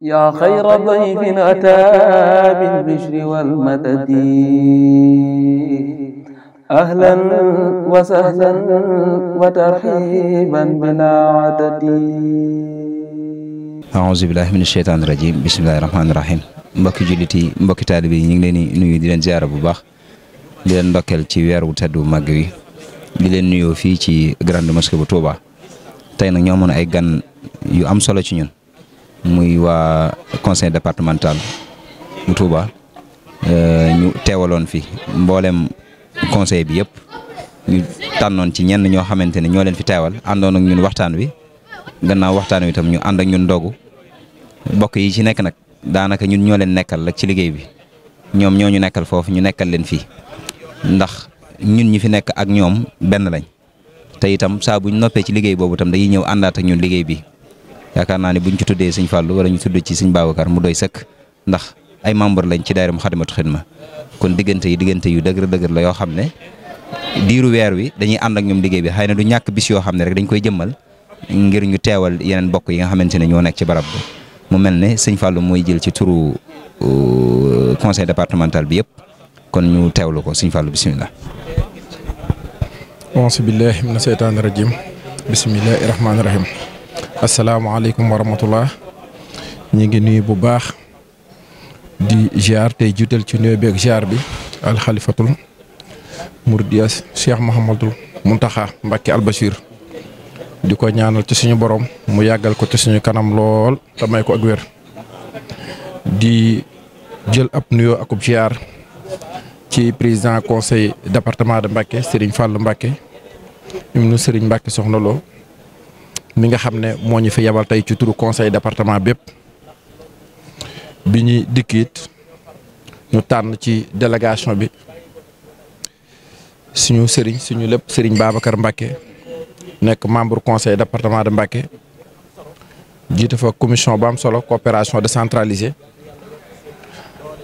yaa xayra dayfin ataa bil bishri wal madadi ahlan wa sahlan wa tarhiiban adadi. aouzu billaahi mina sheytaani rajiim bismillaahi rahmaani rahiim mbokki jullit yi mbokki taalibe yi ñu ngi leen di nuyu di leen ziara bu baax di leen ndokkeel ci weer wu tedd bu màgg wi di leen nuyoo fii ci grand mosquée bu Touba tey nag ñoo amoon ay gan yu am solo ci ñun. muy waa conseil départemental bu Touba euh, ñu teewaloon fi mboolem conseil bi yëpp ñu tànnoon ci ñenn ñoo xamante ne ñoo leen fi teewal àndoon ak ñun waxtaan wi gannaaw waxtaan wi tam ñu ànd ñun ndogu bokk yi ci nekk nag daanaka ñun ñoo leen nekkal rek ci liggéey bi ñoom ñoo ñu nekkal foofu ñu nekkal leen fii ndax ñun ñi fi nekk ak ñoom benn lañ te itam saa bu ñu noppee ci liggéey boobu tam dañuy ñëw àndaat ak ñun liggéey bi yaakaar naa ne buñ ci tuddee sëñ Fallou wala ñu tudd ci sëñ Babacar mu doy sëkk ndax ay membre lañ ci daayira Moukhaddamatoul Khidma kon diggante yi diggante yu dëgër dëgër la yoo xam ne diiru weer wi dañuy ànd ak ñoom liggéey bi xay na du ñàkk bis yoo xam ne rek dañ koy jëmmal ngir ñu teewal yeneen bokk yi nga xamante ne ñoo nekk ci barab bi mu mel ne sëñ fàllu mooy jël ci turu euh, conseil départemental bi yëpp kon ñu teewlu ko sëñ Fallou bisimilah. auzu billaahi mina seytaani asalaamaaleykum wa rahmatullah ñu ngi nuyu bu baax di ziar tey juutal ci nuyoo beeg ziar bi alxalifatul murdias cheikh Mouhamadul Muntaxa Mbacke Albachir di ko ñaanal ci suñu borom mu yàggal ko ci suñu kanam lool te may ko ak wér di jël ab nuyoo akub ziar ci président conseil département de Mbacke Serigne Fallou Mbacke ibnu Serigne Mbacke soxna Lo mi nga xam ne moo ñu fi yebal tey ci turu conseil département bépp bi ñuy dikkit ñu tànn ci délégation bi suñu sëriñ suñu lépp sëriñ Babacar Mbacké nekk membre conseil département de Mbacké jiite fa commission bu am solo coopération décentralisée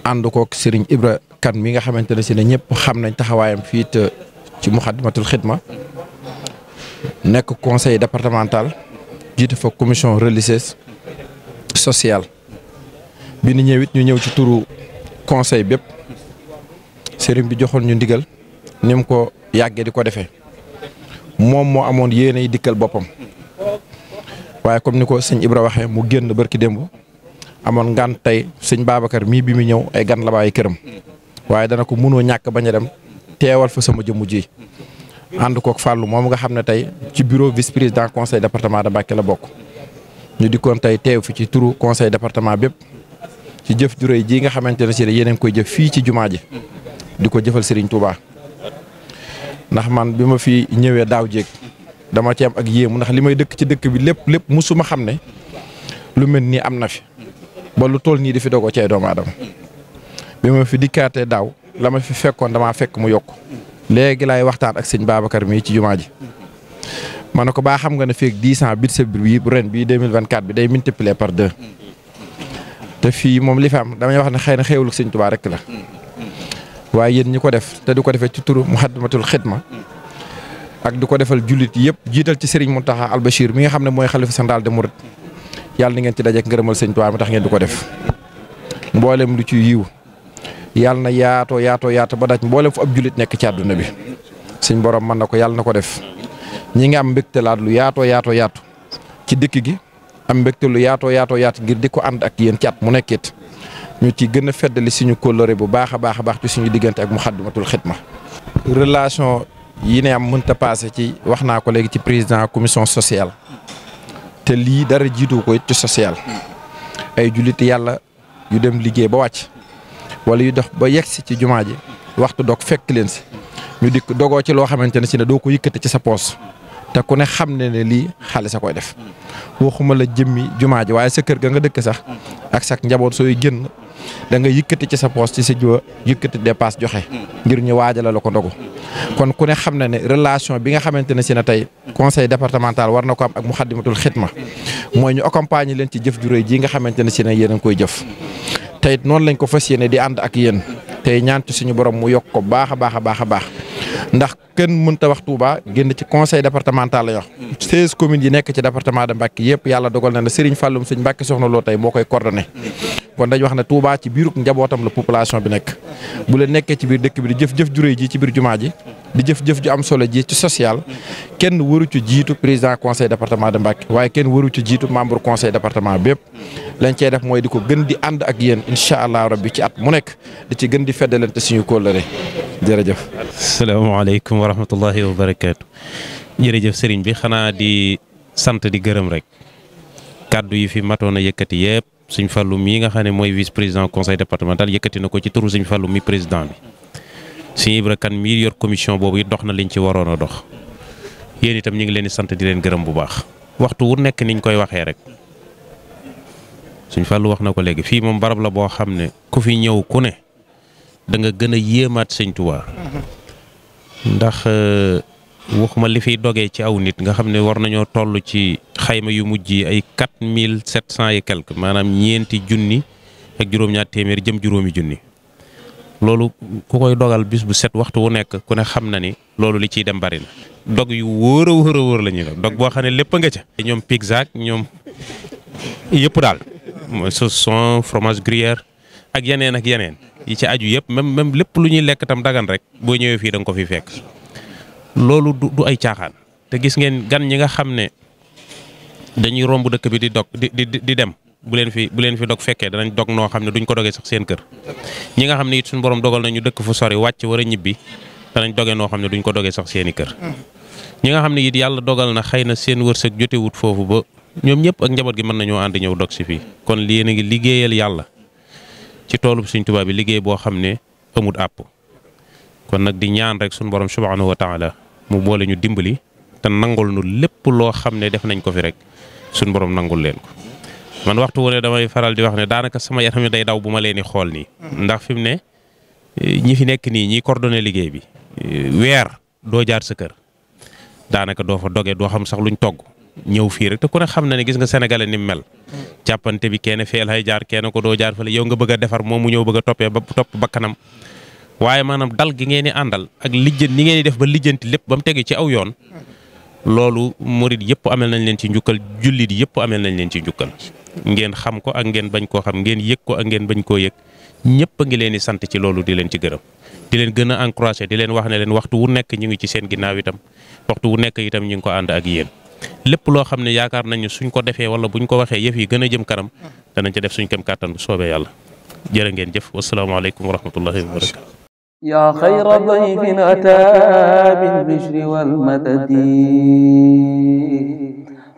ànd kook sëriñ Ibra Kane mi nga xamante ne si ne ñëpp xam nañ taxawaayam fii ci Muxaddamatul Xidma nekk conseil départemental jiite fa commission religieuse sociale bi ñu ñëw ñu ñëw ci turu conseil bépp sëriñ bi joxoon ñu ndigal ni ko yàggee di ko defee moom moo amoon yéenay dikkal boppam waaye comme ni ko sëñ Ibra waxee mu génn barki démb amoon ngan tey sëñ Babacar mii bi mu ñëw ay gan la këram waaye dana ko mënoo ñàkk bañ a dem teewal fa sama jëmmu ji ànd kook Fallou moom nga xam ne tey ci bureau vice président conseil département de Mbacké la bokk ñu dikkoon tey teew fi ci turu conseil département bépp ci jëf juróoy jii nga xamante ne si ne yéen koy jëf fii ci jumaa ji di ko jëfal Serigne Touba ndax man bi ma fi ñëwee daaw jéeg dama ci am ak yéemu ndax li may dëkk ci dëkk bi lépp lépp mu musuma xam ne lu mel nii am na fi ba lu toll nii di fi dogoo ci ay doomu aadama bi ma fi dikkaatee daaw la ma fi fekkoon damaa fekk mu yokk léegi laay waxtaan ak sëñ Babacar mii ci jumaa ji ma ne ko baa xam nga ne fii ak 10 ans budget bi ren bii 2024 bi day multiplier par deux te fii moom li fi am damay wax ne xëy na xéewlu sëñ Tuubaa rek la waaye yéen ñi ko def te du ko defee ci turu Muxaddamatul Xidma ak du ko defal jullit yëpp jiital ci Serigne Mountakha Albachir mi nga xam ne mooy xalifa central des Mourides yàlla na ngeen ci dajeek ngërëmal sëñ Tuubaa mi tax ngeen du ko def mboolem lu ci yiw yàlla na yaato yaato yaata ba daj mboolem fu ab jullit nekk ci àdduna bi suñ borom mën na ko yàlla na ko def ñi nga am mbégte lu yaatoo yaato yaatu ci dëkk gi am mbégte lu yaatoo yaatoo yaatu ngir di ko ànd ak yéen ci at mu nekkit ñu ci gën a feddali suñu kóllëre bu baax baax a baax ci suñu diggante ak mu Muxaddamatul Xidma relation yi ne am mënta passé ci wax naa ko léegi ci président commission sociale te lii dara jiitu ko ci sociale ay jullit yàlla yu dem liggéey ba wàcc wala yu dox ba yegsi ci jumaa ji waxtu dog fekk leen si ñu dikk dogoo ci loo xamante ne si ne doo ko yëkkate ci sa poos te ku ne xam ne ne lii xaalis a koy def waxuma la jëmmi jumaa ji waaye sa kër ga nga dëkk sax ak sa njaboot sooy génn da nga yëkkati ci sa poos ci sa jiwa yëkkati dépasse joxe ngir ñu waajala la ko ndogu kon ku ne xam na ne relation bi nga xamante ne si na tey conseil départemental war na ko am ak Muxaddamatul Xidma mooy ñu accompagner leen ci jëf ju réy nga xamante ne si ne yéen a ngi koy jëf te it noonu lañ ko fas yéene di ànd ak yéen tey ñaan ci suñu borom mu yokk ko baax a baax a baax a baax ndax kenn mënta wax Touba génn ci conseil départemental la wax. 16 yi nekk ci département de Mbacké yëpp yàlla dogal na ne Serigne Falloum suñ Mbacké soxna loo tey moo koy coordonné kon dañ wax ne Touba ci biirug njabootam la population bi nekk bu leen nekkee ci biir dëkk bi di jëf jëf juré ci biir jumaa ji di jëf-jëf ju am solo ji ci social kenn waru ci jiitu président conseil département de Mbacké waaye kenn waru ci jiitu membre conseil département bépp lañ cey def mooy di ko gën di ànd ak yéen incha allah rabbi ci at mu nekk di ci gën di feddalante suñu kóllëre jërëjëf. salaamaaleykum wa rahmatullahi wa barakaatu jërëjëf sëriñ bi xanaa di sant di gërëm rek kàddu yi fi matoon a yëkkati yëpp suñ fàllu mi nga xam ne mooy vice président conseil na ko ci turu suñ fàllu mi président Sëñ Ibra Kan mii yor commission boobu it dox na liñ ci waroon a dox yéen itam ñu ngi leen di sant di leen gërëm bu baax waxtu wu nekk niñ koy waxee rek suñ fàllu wax na ko léegi fii moom barab la boo xam ne ku fi ñëw ku ne da nga gën a yéemaat sëñ Tuubaa ndax euh, waxuma li fiy dogee ci aw nit nga xam ne war nañoo toll ci xayma yu mujj yi ay quatre mille sept cent et quelque maanaam ñeenti junni ak juróom-ñaar téeméer jëm juróomi junni. loolu ku koy dogal bis bu set waxtu wu nekk ku ne xam na ni loolu li ciy dem bari dog yu wóor a wóor a wóor la ñuy dog boo xam ne lépp nga ca. ñoom pizza ñoom yëpp daal mooy saucisson fromage gruyère ak yeneen ak yeneen yi ci aju yëpp même même lépp lu ñuy lekk tam dagan rek boo ñëwee fii da nga ko fi fekk loolu du ay caaxaan te gis ngeen gan ñi nga xam ne dañuy romb dëkk bi di dog di di di dem. bu leen fi bu leen fi dog fekkee danañ dog noo xam ne duñ ko dogee sax seen kër ñi nga xam ne it suñu borom dogal nañu dëkk fu sori wàcc war ñibbi danañ doge noo xam ne duñ ko dogee sax seeni kër ñi nga xam ne it yàlla dogal na xëy na seen wërsëg wut foofu ba ñoom ñëpp ak njaboot gi mën nañoo ànd ñëw dog si fii kon lii yéen a ngi liggéeyal yàlla ci toolu suñ tubaab bi liggéey boo xam ne amut àpp kon nag di ñaan rek suñu borom subhanahu wa taala mu boole ñu dimbali te nangul lépp loo xam ne def nañ ko fi rek suñu borom nangul leen ko man waxtu wu ne damay faral di wax ne daanaka sama yaram mi day daw bu ma leen di xool nii. Mm-hmm. ndax fi mu ne ñi fi nekk nii ñi coordonné liggéey bi. weer doo jaar sa kër daanaka doo fa doge doo xam sax luñ togg. ñëw fii rek te ku ne xam na ne gis nga sénégalais ni mu mel. Mm-hmm. jàppante bi kenn feel hay jaar kenn ko doo jaar fële yow nga bëgg defar moom mu ñëw bëgg a toppee ba topp bakkanam waaye maanaam dal gi ngeen di àndal ak lijjant ni ngeen di def ba lijjanti lépp ba mu tegee ci aw yoon. Mm-hmm. loolu murid yëpp amel nañ leen ci njukkal jullit yëpp amel nañ leen ci njukkal. ngeen xam ko ak ngeen bañ koo xam ngeen yëg ko ak ngeen bañ koo yëg ñëpp a ngi leen di sant ci loolu di leen ci gërëm di leen gën a encouragé di leen wax ne leen waxtu wu nekk ñu ngi ci seen ginnaaw itam waxtu wu nekk itam ñu ngi ko ànd ak yéen lépp loo xam ne yaakaar nañu suñ ko defee wala buñ ko waxee yëf yi gën a jëm kanam danañ ci def suñ kem kàttan soobee yàlla jërë ngeen jëf wasalaamaaleykum wa rahmatullahi wa barakatu yaa xayra